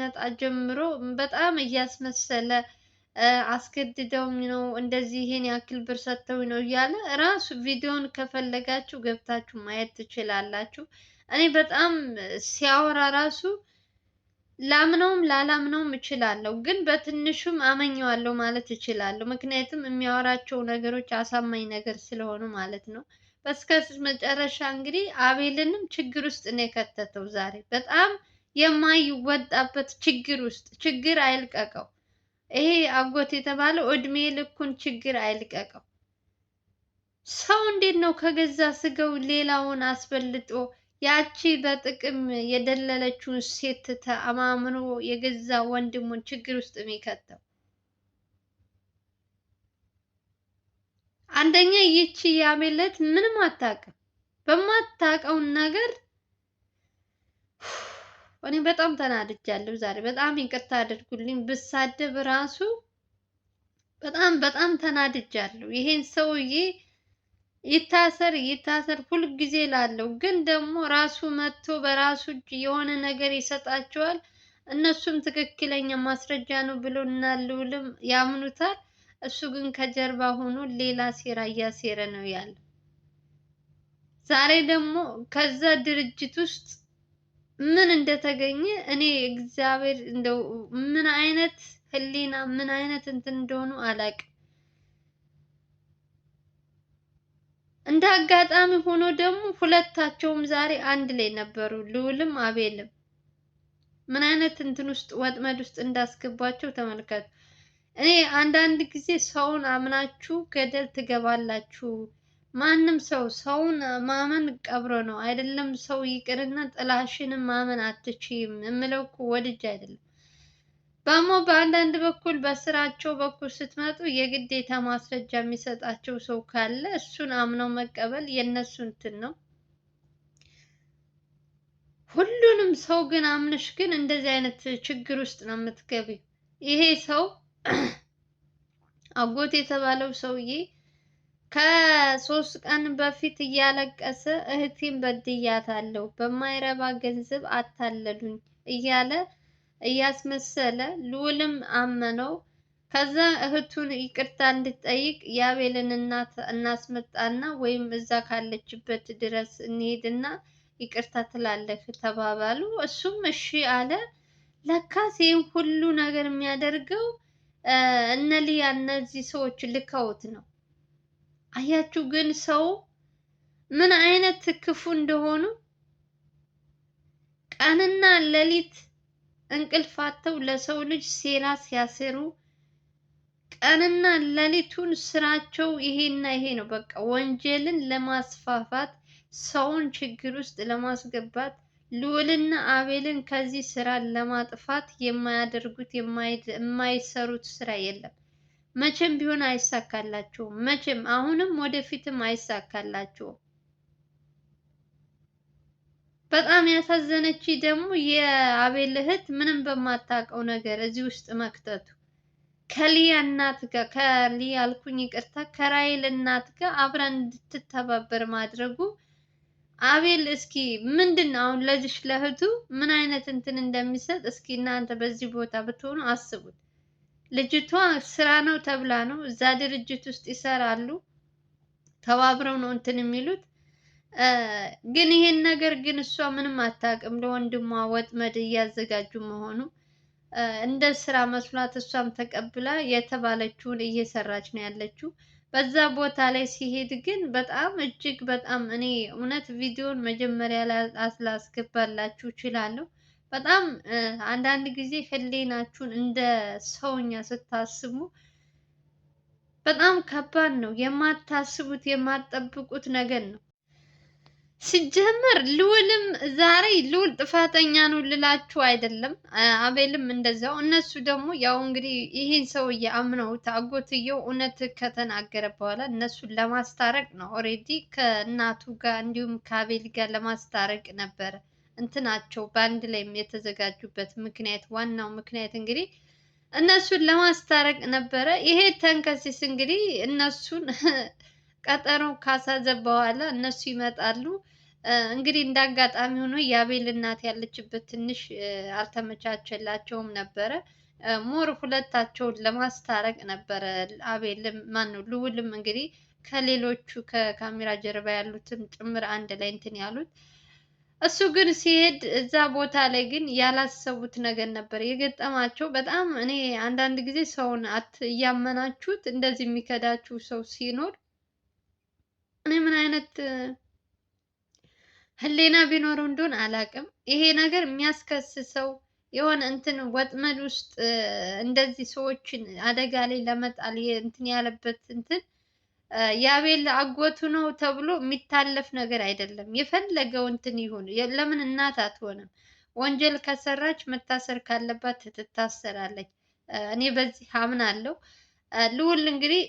መጣ ጀምሮ በጣም እያስመሰለ አስገድደውኝ ነው እንደዚህ ይሄን ያክል ብር ሰጥተውኝ ነው እያለ ራሱ ቪዲዮን ከፈለጋችሁ ገብታችሁ ማየት ትችላላችሁ። እኔ በጣም ሲያወራ ራሱ ላምነውም ላላምነውም እችላለሁ፣ ግን በትንሹም አመኘዋለሁ ማለት እችላለሁ። ምክንያቱም የሚያወራቸው ነገሮች አሳማኝ ነገር ስለሆኑ ማለት ነው። በስከ መጨረሻ እንግዲህ አቤልንም ችግር ውስጥ ነው የከተተው ዛሬ በጣም የማይወጣበት ችግር ውስጥ ችግር አይልቀቀው። ይሄ አጎት የተባለው እድሜ ልኩን ችግር አይልቀቀው። ሰው እንዴት ነው ከገዛ ስጋው ሌላውን አስበልጦ ያቺ በጥቅም የደለለችውን ሴት ተማምኖ የገዛ ወንድሙን ችግር ውስጥ የሚከተው? አንደኛ ይቺ ያሜለት ምንም አታውቅም። በማታውቀውን ነገር እኔ በጣም ተናድጃለሁ ዛሬ። በጣም ይቅርታ አድርጉልኝ ብሳደብ ራሱ በጣም በጣም ተናድጃለሁ። ይሄን ሰውዬ ይታሰር ይታሰር ጊዜ ላለው፣ ግን ደግሞ ራሱ መጥቶ በራሱ እጅ የሆነ ነገር ይሰጣቸዋል። እነሱም ትክክለኛ ማስረጃ ነው ብሎ እናልውልም ያምኑታል። እሱ ግን ከጀርባ ሆኖ ሌላ ሴራ እያሴረ ነው ያለ። ዛሬ ደግሞ ከዛ ድርጅት ውስጥ ምን እንደተገኘ እኔ እግዚአብሔር እንደው ምን አይነት ህሊና ምን አይነት እንትን እንደሆኑ አላቅ? እንደ አጋጣሚ ሆኖ ደግሞ ሁለታቸውም ዛሬ አንድ ላይ ነበሩ፣ ልዑልም አቤልም። ምን አይነት እንትን ውስጥ ወጥመድ ውስጥ እንዳስገባቸው ተመልከቱ። እኔ አንዳንድ ጊዜ ሰውን አምናችሁ ገደል ትገባላችሁ ማንም ሰው ሰውን ማመን ቀብሮ ነው አይደለም። ሰው ይቅርና ጥላሽንም ማመን አትችይም የምለው እኮ ወድጄ አይደለም። በሞ በአንዳንድ በኩል በስራቸው በኩል ስትመጡ የግዴታ ማስረጃ የሚሰጣቸው ሰው ካለ እሱን አምነው መቀበል የእነሱ እንትን ነው። ሁሉንም ሰው ግን አምነሽ ግን እንደዚህ አይነት ችግር ውስጥ ነው የምትገቢው። ይሄ ሰው አጎት የተባለው ሰውዬ ከሶስት ቀን በፊት እያለቀሰ እህቴን በድያታለሁ በማይረባ ገንዘብ አታለሉኝ እያለ እያስመሰለ ልዑልም አመነው። ከዛ እህቱን ይቅርታ እንድጠይቅ የአቤልን እናት እናስመጣና ወይም እዛ ካለችበት ድረስ እንሄድና ይቅርታ ትላለህ ተባባሉ። እሱም እሺ አለ። ለካስ ይህን ሁሉ ነገር የሚያደርገው እነ ሊያ እነዚህ ሰዎች ልከውት ነው። አያችሁ ግን ሰው ምን አይነት ክፉ እንደሆኑ ቀንና ሌሊት እንቅልፍ አጥተው ለሰው ልጅ ሴራ ሲያሰሩ ቀንና ሌሊቱን ስራቸው ይሄና ይሄ ነው። በቃ ወንጀልን ለማስፋፋት ሰውን ችግር ውስጥ ለማስገባት ልዑልና አቤልን ከዚህ ስራ ለማጥፋት የማያደርጉት የማይሰሩት ስራ የለም። መቼም ቢሆን አይሳካላችሁም። መቼም አሁንም ወደፊትም አይሳካላችሁም። በጣም ያሳዘነች ደግሞ የአቤል እህት ምንም በማታውቀው ነገር እዚህ ውስጥ መክተቱ ከሊያ እናት ጋር ከሊያ አልኩኝ ይቅርታ፣ ከራይል እናት ጋር አብራን እንድትተባበር ማድረጉ አቤል እስኪ ምንድን ነው አሁን ለዚሽ ለእህቱ ምን አይነት እንትን እንደሚሰጥ እስኪ እናንተ በዚህ ቦታ ብትሆኑ አስቡት። ልጅቷ ስራ ነው ተብላ ነው እዛ ድርጅት ውስጥ ይሰራሉ። ተባብረው ነው እንትን የሚሉት። ግን ይሄን ነገር ግን እሷ ምንም አታውቅም። ለወንድሟ ወጥመድ እያዘጋጁ መሆኑ እንደ ስራ መስሏት እሷም ተቀብላ የተባለችውን እየሰራች ነው ያለችው። በዛ ቦታ ላይ ሲሄድ ግን በጣም እጅግ በጣም እኔ እውነት ቪዲዮን መጀመሪያ ላይ ላስገባላችሁ እችላለሁ። በጣም አንዳንድ ጊዜ ህሊናችሁን እንደ ሰውኛ ስታስቡ በጣም ከባድ ነው። የማታስቡት የማጠብቁት ነገር ነው። ሲጀመር ልውልም ዛሬ ልውል ጥፋተኛ ነው ልላችሁ አይደለም፣ አቤልም እንደዛው። እነሱ ደግሞ ያው እንግዲህ ይህን ሰውዬ አምነውት አጎትየው እውነት ከተናገረ በኋላ እነሱን ለማስታረቅ ነው ኦሬዲ ከእናቱ ጋር እንዲሁም ከአቤል ጋር ለማስታረቅ ነበረ እንትናቸው በአንድ ላይ የተዘጋጁበት ምክንያት ዋናው ምክንያት እንግዲህ እነሱን ለማስታረቅ ነበረ። ይሄ ተንከሲስ እንግዲህ እነሱን ቀጠሮ ካሳዘ በኋላ እነሱ ይመጣሉ። እንግዲህ እንደ አጋጣሚ ሆኖ የአቤል እናት ያለችበት ትንሽ አልተመቻቸላቸውም ነበረ። ሞር ሁለታቸውን ለማስታረቅ ነበረ። አቤልም ማን ነው እንግዲህ ከሌሎቹ ከካሜራ ጀርባ ያሉትም ጭምር አንድ ላይ እንትን ያሉት እሱ ግን ሲሄድ እዛ ቦታ ላይ ግን ያላሰቡት ነገር ነበር የገጠማቸው። በጣም እኔ አንዳንድ ጊዜ ሰውን አት እያመናችሁት እንደዚህ የሚከዳችሁ ሰው ሲኖር እኔ ምን አይነት ህሌና ቢኖረው እንደሆን አላውቅም። ይሄ ነገር የሚያስከስሰው የሆነ እንትን ወጥመድ ውስጥ እንደዚህ ሰዎችን አደጋ ላይ ለመጣል እንትን ያለበት እንትን የአቤል አጎቱ ነው ተብሎ የሚታለፍ ነገር አይደለም። የፈለገው እንትን ይሁን፣ ለምን እናት አትሆንም? ወንጀል ከሰራች መታሰር ካለባት ትታሰራለች። እኔ በዚህ አምናለሁ። ልውል እንግዲህ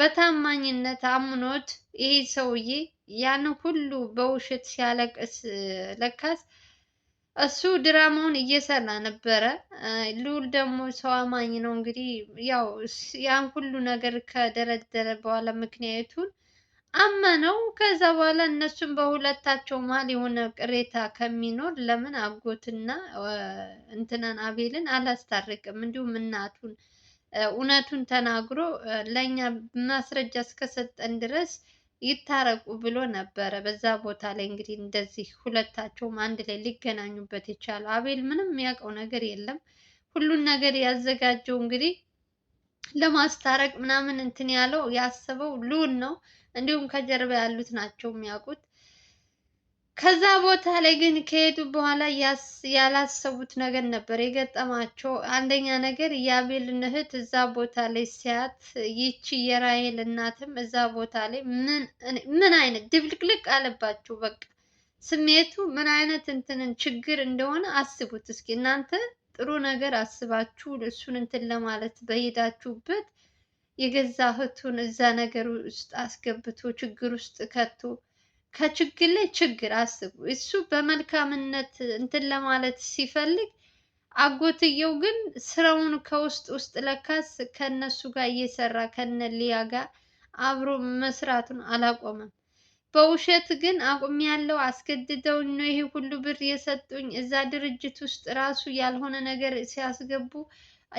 በታማኝነት አምኖት ይሄ ሰውዬ ያን ሁሉ በውሸት ሲያለቅስ ለካስ እሱ ድራማውን እየሰራ ነበረ። ልዑል ደግሞ ሰው አማኝ ነው። እንግዲህ ያው ያን ሁሉ ነገር ከደረደረ በኋላ ምክንያቱን አመነው። ከዛ በኋላ እነሱም በሁለታቸው መሀል የሆነ ቅሬታ ከሚኖር ለምን አጎትና እንትናን አቤልን አላስታርቅም፣ እንዲሁም እናቱን እውነቱን ተናግሮ ለእኛ ማስረጃ እስከሰጠን ድረስ ይታረቁ ብሎ ነበረ። በዛ ቦታ ላይ እንግዲህ እንደዚህ ሁለታቸውም አንድ ላይ ሊገናኙበት የቻሉ አቤል ምንም የሚያውቀው ነገር የለም። ሁሉን ነገር ያዘጋጀው እንግዲህ ለማስታረቅ ምናምን እንትን ያለው ያሰበው ልዑል ነው። እንዲሁም ከጀርባ ያሉት ናቸው የሚያውቁት። ከዛ ቦታ ላይ ግን ከሄዱ በኋላ ያላሰቡት ነገር ነበር የገጠማቸው። አንደኛ ነገር የአቤልን እህት እዛ ቦታ ላይ ሲያት፣ ይቺ የራሄል እናትም እዛ ቦታ ላይ ምን አይነት ድብልቅልቅ አለባችሁ። በቃ ስሜቱ ምን አይነት እንትንን ችግር እንደሆነ አስቡት እስኪ እናንተ ጥሩ ነገር አስባችሁ እሱን እንትን ለማለት በሄዳችሁበት የገዛ እህቱን እዛ ነገር ውስጥ አስገብቶ ችግር ውስጥ ከቶ ከችግር ላይ ችግር አስቡ። እሱ በመልካምነት እንትን ለማለት ሲፈልግ አጎትየው ግን ስራውን ከውስጥ ውስጥ ለካስ ከነሱ ጋር እየሰራ ከነ ሊያ ጋር አብሮ መስራቱን አላቆመም። በውሸት ግን አቁም ያለው አስገድደው ነው ይሄ ሁሉ ብር የሰጡኝ፣ እዛ ድርጅት ውስጥ ራሱ ያልሆነ ነገር ሲያስገቡ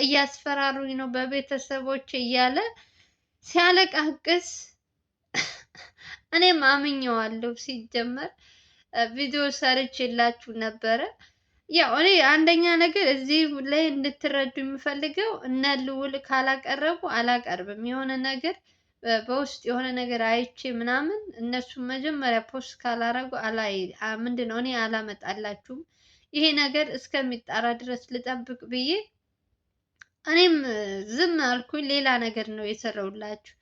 እያስፈራሩኝ ነው በቤተሰቦች እያለ ሲያለቃቅስ እኔም አምኘዋለሁ። ሲጀመር ቪዲዮ ሰርች የላችሁ ነበረ። ያው እኔ አንደኛ ነገር እዚህ ላይ እንድትረዱ የምፈልገው እነ ካላቀረቡ አላቀርብም። የሆነ ነገር በውስጥ የሆነ ነገር አይቼ ምናምን እነሱ መጀመሪያ ፖስት ካላረጉ ምንድን ነው እኔ አላመጣላችሁም። ይሄ ነገር እስከሚጣራ ድረስ ልጠብቅ ብዬ እኔም ዝም አልኩኝ። ሌላ ነገር ነው የሰራውላችሁ።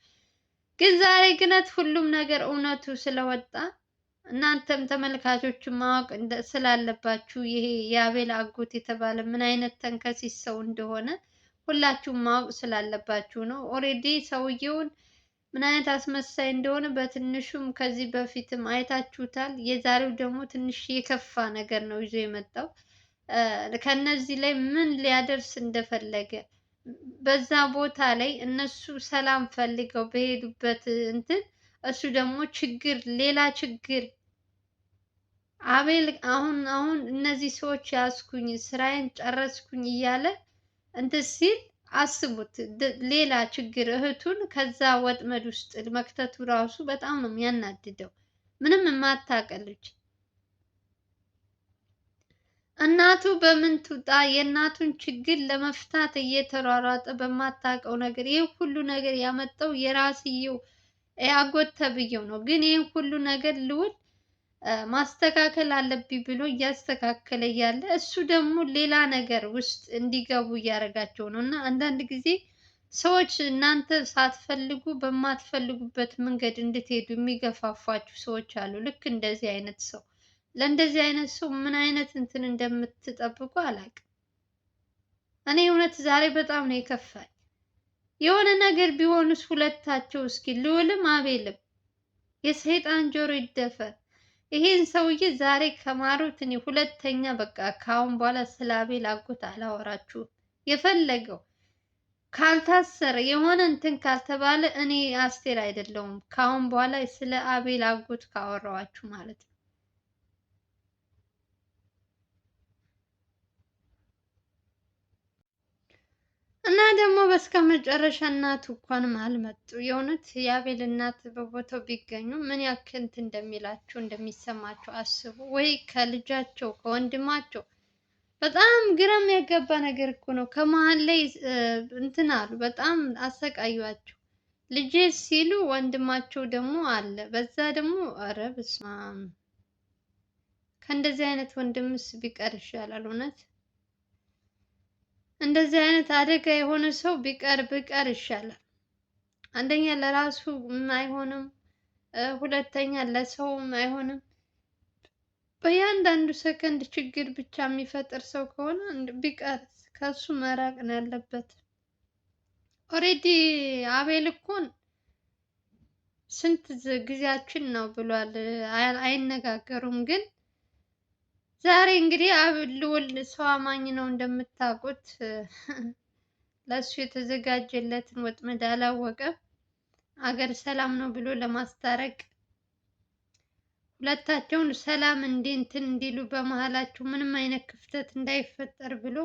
ግን ዛሬ ግነት ሁሉም ነገር እውነቱ ስለወጣ እናንተም ተመልካቾችን ማወቅ ስላለባችሁ ይሄ የአቤል አጎት የተባለ ምን አይነት ተንከሲስ ሰው እንደሆነ ሁላችሁም ማወቅ ስላለባችሁ ነው። ኦሬዲ ሰውየውን ምን አይነት አስመሳይ እንደሆነ በትንሹም ከዚህ በፊትም አይታችሁታል። የዛሬው ደግሞ ትንሽ የከፋ ነገር ነው ይዞ የመጣው። ከነዚህ ላይ ምን ሊያደርስ እንደፈለገ በዛ ቦታ ላይ እነሱ ሰላም ፈልገው በሄዱበት እንትን እሱ ደግሞ ችግር ሌላ ችግር። አቤል አሁን አሁን እነዚህ ሰዎች ያስኩኝ ስራዬን ጨረስኩኝ እያለ እንትን ሲል አስቡት፣ ሌላ ችግር እህቱን ከዛ ወጥመድ ውስጥ መክተቱ ራሱ በጣም ነው የሚያናድደው። ምንም የማታውቅ እናቱ በምን ትውጣ? የእናቱን ችግር ለመፍታት እየተሯሯጠ በማታውቀው ነገር ይህ ሁሉ ነገር ያመጣው የራስየው አጎት ተብዬው ነው። ግን ይህ ሁሉ ነገር ልውል ማስተካከል አለብኝ ብሎ እያስተካከለ እያለ እሱ ደግሞ ሌላ ነገር ውስጥ እንዲገቡ እያደረጋቸው ነው። እና አንዳንድ ጊዜ ሰዎች እናንተ ሳትፈልጉ በማትፈልጉበት መንገድ እንድትሄዱ የሚገፋፏችሁ ሰዎች አሉ። ልክ እንደዚህ አይነት ሰው ለእንደዚህ አይነት ሰው ምን አይነት እንትን እንደምትጠብቁ አላውቅም። እኔ እውነት ዛሬ በጣም ነው የከፋኝ። የሆነ ነገር ቢሆንስ ሁለታቸው እስኪ ልውልም አቤልም የሰይጣን ጆሮ ይደፈን። ይሄን ሰውዬ ዛሬ ከማሩት እኔ ሁለተኛ በቃ ከአሁን በኋላ ስለ አቤል አጎት አላወራችሁም። የፈለገው ካልታሰረ የሆነ እንትን ካልተባለ እኔ አስቴር አይደለሁም ከአሁን በኋላ ስለ አቤል አጎት ካወራኋችሁ ማለት ነው። እና ደግሞ በስከ መጨረሻ እናቱ እንኳንም አልመጡ። የእውነት የአቤል እናት በቦታው ቢገኙ ምን ያክል እንትን እንደሚላቸው እንደሚሰማቸው አስቡ። ወይ ከልጃቸው ከወንድማቸው በጣም ግራም ያጋባ ነገር እኮ ነው። ከመሀል ላይ እንትን አሉ፣ በጣም አሰቃዩቸው። ልጄ ሲሉ ወንድማቸው ደግሞ አለ፣ በዛ ደግሞ ኧረ በስመ አብ። ከእንደዚህ አይነት ወንድምስ ቢቀር ይሻላል እውነት። እንደዚህ አይነት አደጋ የሆነ ሰው ቢቀር ቢቀር ይሻላል። አንደኛ ለራሱ አይሆንም፣ ሁለተኛ ለሰውም አይሆንም። በእያንዳንዱ ሰከንድ ችግር ብቻ የሚፈጥር ሰው ከሆነ ቢቀር ከሱ መራቅ ነው ያለበት። ኦሬዲ አቤል እኮን ስንት ጊዜያችን ነው ብሏል። አይነጋገሩም ግን ዛሬ እንግዲህ ልዑል ሰው አማኝ ነው እንደምታውቁት። ለእሱ የተዘጋጀለትን ወጥመድ አላወቀም። አገር ሰላም ነው ብሎ ለማስታረቅ ሁለታቸውን ሰላም እንዴ እንትን እንዲሉ በመሀላቸው ምንም አይነት ክፍተት እንዳይፈጠር ብሎ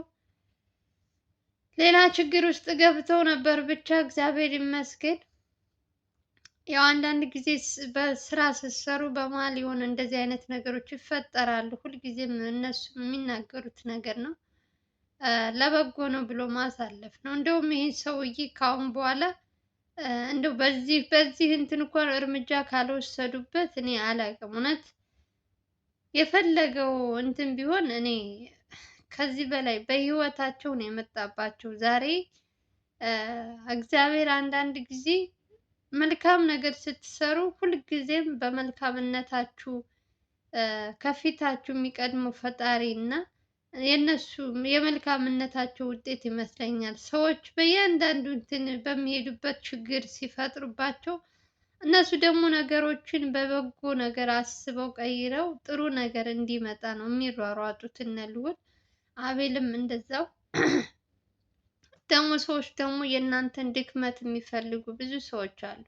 ሌላ ችግር ውስጥ ገብተው ነበር። ብቻ እግዚአብሔር ይመስገን ያው አንዳንድ ጊዜ በስራ ስትሰሩ በመሀል የሆነ እንደዚህ አይነት ነገሮች ይፈጠራሉ። ሁልጊዜም እነሱ የሚናገሩት ነገር ነው። ለበጎ ነው ብሎ ማሳለፍ ነው። እንደውም ይህን ሰውዬ ካሁን በኋላ እንደው በዚህ በዚህ እንትን እንኳን እርምጃ ካልወሰዱበት እኔ አላቅም። እውነት የፈለገው እንትን ቢሆን እኔ ከዚህ በላይ በህይወታቸው ነው የመጣባቸው ዛሬ እግዚአብሔር አንዳንድ ጊዜ መልካም ነገር ስትሰሩ ሁልጊዜም በመልካምነታችሁ ከፊታችሁ የሚቀድመው ፈጣሪ እና የነሱ የመልካምነታቸው ውጤት ይመስለኛል። ሰዎች በእያንዳንዱ እንትን በሚሄዱበት ችግር ሲፈጥሩባቸው እነሱ ደግሞ ነገሮችን በበጎ ነገር አስበው ቀይረው ጥሩ ነገር እንዲመጣ ነው የሚሯሯጡት። እነ አቤልም እንደዛው ደግሞ ሰዎች ደግሞ የእናንተን ድክመት የሚፈልጉ ብዙ ሰዎች አሉ።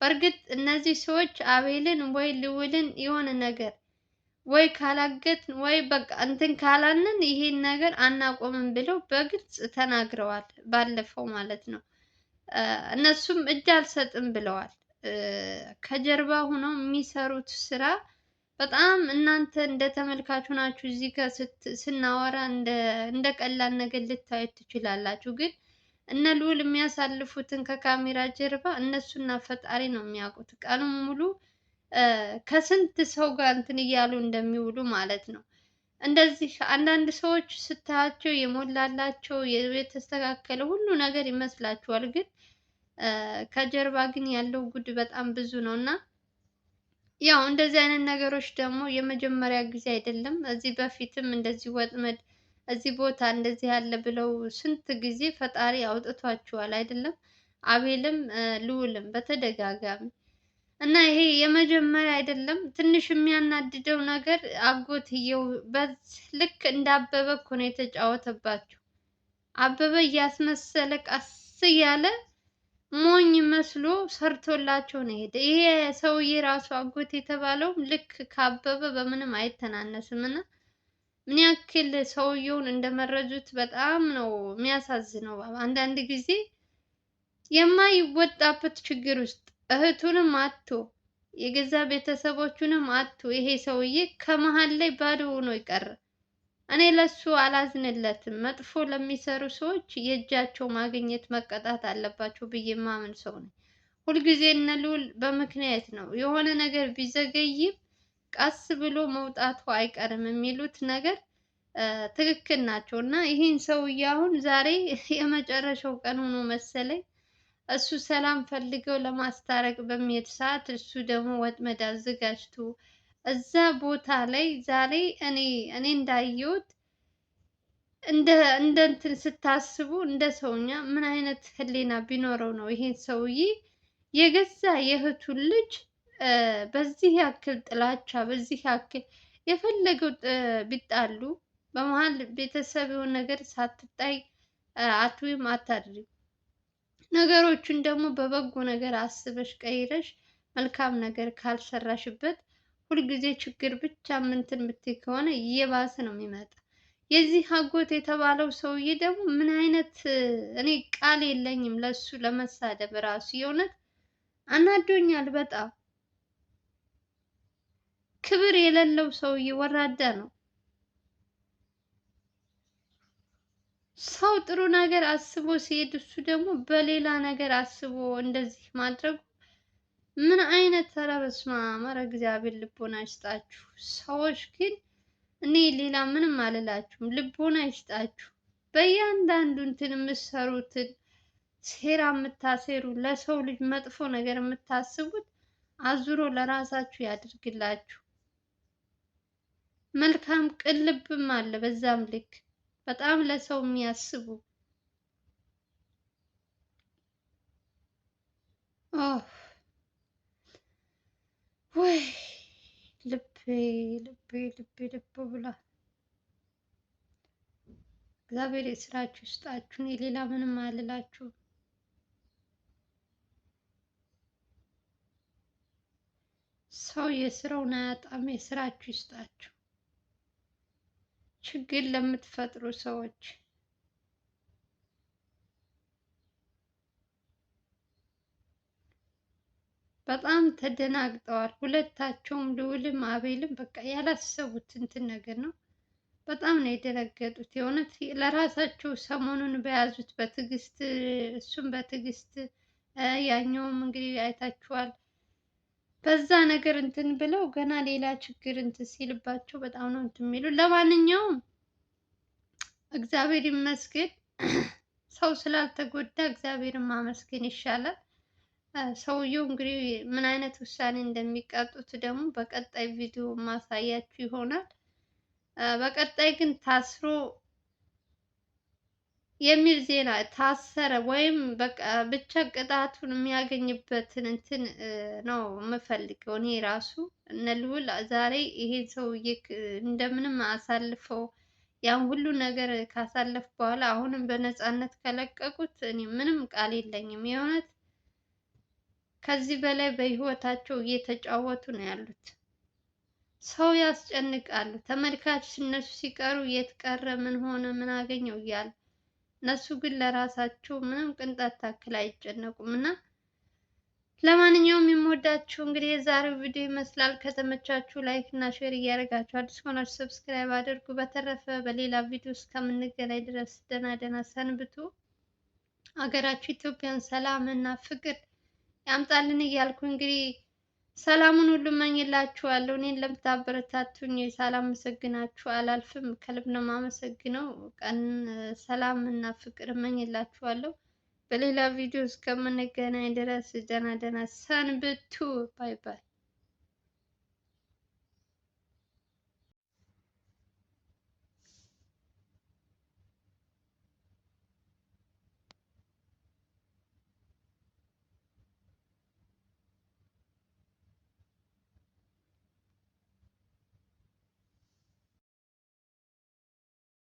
በእርግጥ እነዚህ ሰዎች አቤልን ወይ ልውልን የሆነ ነገር ወይ ካላገትን ወይ በቃ እንትን ካላንን ይሄን ነገር አናቆምም ብለው በግልጽ ተናግረዋል። ባለፈው ማለት ነው። እነሱም እጅ አልሰጥም ብለዋል። ከጀርባ ሆነው የሚሰሩት ስራ በጣም እናንተ እንደ ተመልካቹ ናችሁ። እዚህ ጋር ስናወራ እንደ ቀላል ነገር ልታዩት ትችላላችሁ፣ ግን እነ ልዑል የሚያሳልፉትን ከካሜራ ጀርባ እነሱና ፈጣሪ ነው የሚያውቁት። ቀኑን ሙሉ ከስንት ሰው ጋር እንትን እያሉ እንደሚውሉ ማለት ነው። እንደዚህ አንዳንድ ሰዎች ስታያቸው የሞላላቸው የተስተካከለ ሁሉ ነገር ይመስላችኋል፣ ግን ከጀርባ ግን ያለው ጉድ በጣም ብዙ ነው እና ያው እንደዚህ አይነት ነገሮች ደግሞ የመጀመሪያ ጊዜ አይደለም። እዚህ በፊትም እንደዚህ ወጥመድ፣ እዚህ ቦታ እንደዚህ ያለ ብለው ስንት ጊዜ ፈጣሪ አውጥቷቸዋል አይደለም? አቤልም ልውልም በተደጋጋሚ እና ይሄ የመጀመሪያ አይደለም። ትንሽ የሚያናድደው ነገር አጎትየው ልክ እንደ አበበ እኮ ነው የተጫወተባቸው። አበበ እያስመሰለ ቀስ እያለ ሞኝ መስሎ ሰርቶላቸው ነው ሄደ። ይሄ ሰውዬ ራሱ አጎት የተባለው ልክ ካበበ በምንም አይተናነስም እና ምን ያክል ሰውየውን እንደመረዙት በጣም ነው የሚያሳዝነው። አንዳንድ ጊዜ የማይወጣበት ችግር ውስጥ እህቱንም አቶ የገዛ ቤተሰቦቹንም አቶ ይሄ ሰውዬ ከመሀል ላይ ባዶ ሆኖ ይቀራል። እኔ ለሱ አላዝንለትም። መጥፎ ለሚሰሩ ሰዎች የእጃቸው ማግኘት መቀጣት አለባቸው ብዬ ማምን ሰው ነኝ። ሁልጊዜ እነ ልዑል በምክንያት ነው የሆነ ነገር ቢዘገይም ቀስ ብሎ መውጣቱ አይቀርም የሚሉት ነገር ትክክል ናቸው። እና ይህን ሰውዬ አሁን ዛሬ የመጨረሻው ቀን ሆኖ መሰለኝ እሱ ሰላም ፈልገው ለማስታረቅ በሚሄድ ሰዓት እሱ ደግሞ ወጥመድ አዘጋጅቶ እዛ ቦታ ላይ ዛሬ እኔ እኔ እንዳየሁት እንደ እንትን ስታስቡ እንደ ሰውኛ ምን አይነት ህሊና ቢኖረው ነው ይሄን ሰውዬ የገዛ የእህቱን ልጅ በዚህ ያክል ጥላቻ በዚህ ያክል የፈለገው ቢጣሉ በመሀል ቤተሰብ የሆነ ነገር ሳትጣይ አትዊም አታድሪም። ነገሮቹን ደግሞ በበጎ ነገር አስበሽ ቀይረሽ መልካም ነገር ካልሰራሽበት ሁልጊዜ ችግር ብቻ ምንትን የምትይ ከሆነ እየባሰ ነው የሚመጣ። የዚህ አጎት የተባለው ሰውዬ ደግሞ ምን አይነት እኔ ቃል የለኝም ለሱ ለመሳደብ ራሱ የእውነት አናዶኛል በጣም። ክብር የሌለው ሰውዬ ወራዳ ነው። ሰው ጥሩ ነገር አስቦ ሲሄድ እሱ ደግሞ በሌላ ነገር አስቦ እንደዚህ ማድረጉ ምን አይነት ኧረ በስመ አብ! ኧረ እግዚአብሔር ልቦና ይስጣችሁ። ሰዎች ግን እኔ ሌላ ምንም አልላችሁም፣ ልቦና ይስጣችሁ። በእያንዳንዱ እንትን የምትሰሩትን ሴራ የምታሴሩ ለሰው ልጅ መጥፎ ነገር የምታስቡት አዙሮ ለራሳችሁ ያድርግላችሁ። መልካም ቅልብም አለ በዛም ልክ በጣም ለሰው የሚያስቡ ኦህ ወይ ልቤ ልቤ ልቤ ልብ ብሏል። እግዚአብሔር የስራችሁ ይስጣችሁ እኔ የሌላ ምንም አልላችሁም። ሰው የስራውን አያጣም። የስራችሁ ይስጣችሁ። ችግር ለምትፈጥሩ ሰዎች በጣም ተደናግጠዋል። ሁለታቸውም ልዑልም አቤልም በቃ ያላሰቡት እንትን ነገር ነው። በጣም ነው የደነገጡት። የእውነት ለራሳቸው ሰሞኑን በያዙት በትዕግስት እሱም በትዕግስት ያኛውም እንግዲህ አይታችኋል። በዛ ነገር እንትን ብለው ገና ሌላ ችግር እንትን ሲልባቸው በጣም ነው እንትን የሚሉ። ለማንኛውም እግዚአብሔር ይመስገን ሰው ስላልተጎዳ እግዚአብሔርን ማመስገን ይሻላል። ሰውየው እንግዲህ ምን አይነት ውሳኔ እንደሚቀጡት ደግሞ በቀጣይ ቪዲዮ ማሳያችሁ ይሆናል። በቀጣይ ግን ታስሮ የሚል ዜና ታሰረ ወይም በቃ ብቻ ቅጣቱን የሚያገኝበትን እንትን ነው የምፈልገው። እኔ ራሱ እነ ዛሬ ይሄን ሰውዬ እንደምንም አሳልፈው ያን ሁሉ ነገር ካሳለፍ በኋላ አሁንም በነፃነት ከለቀቁት እኔ ምንም ቃል የለኝም የእውነት ከዚህ በላይ በህይወታቸው እየተጫወቱ ነው ያሉት። ሰው ያስጨንቃሉ። ተመልካች እነሱ ሲቀሩ የት ቀረ፣ ምን ሆነ፣ ምን አገኘው እያለ እነሱ ግን ለራሳቸው ምንም ቅንጣት ታክል አይጨነቁም እና ለማንኛውም የሚወዳችሁ እንግዲህ የዛሬው ቪዲዮ ይመስላል። ከተመቻችሁ ላይክ እና ሼር እያደረጋችሁ አዲስ ከሆናችሁ ሰብስክራይብ አድርጉ። በተረፈ በሌላ ቪዲዮ እስከምንገናኝ ድረስ ደህና ደህና ሰንብቱ። ሀገራችሁ ኢትዮጵያን ሰላም እና ፍቅር ያምጣልን እያልኩ እንግዲህ ሰላሙን ሁሉ መኝላችኋለሁ። እኔን ለምታበረታቱኝ ሳላመሰግናችሁ አላልፍም። ከልብ ነው የማመሰግነው። ቀን ሰላም እና ፍቅር መኝላችኋለሁ። በሌላ ቪዲዮ እስከምንገናኝ ድረስ ደህና ደህና ሰንብቱ። ባይ ባይ።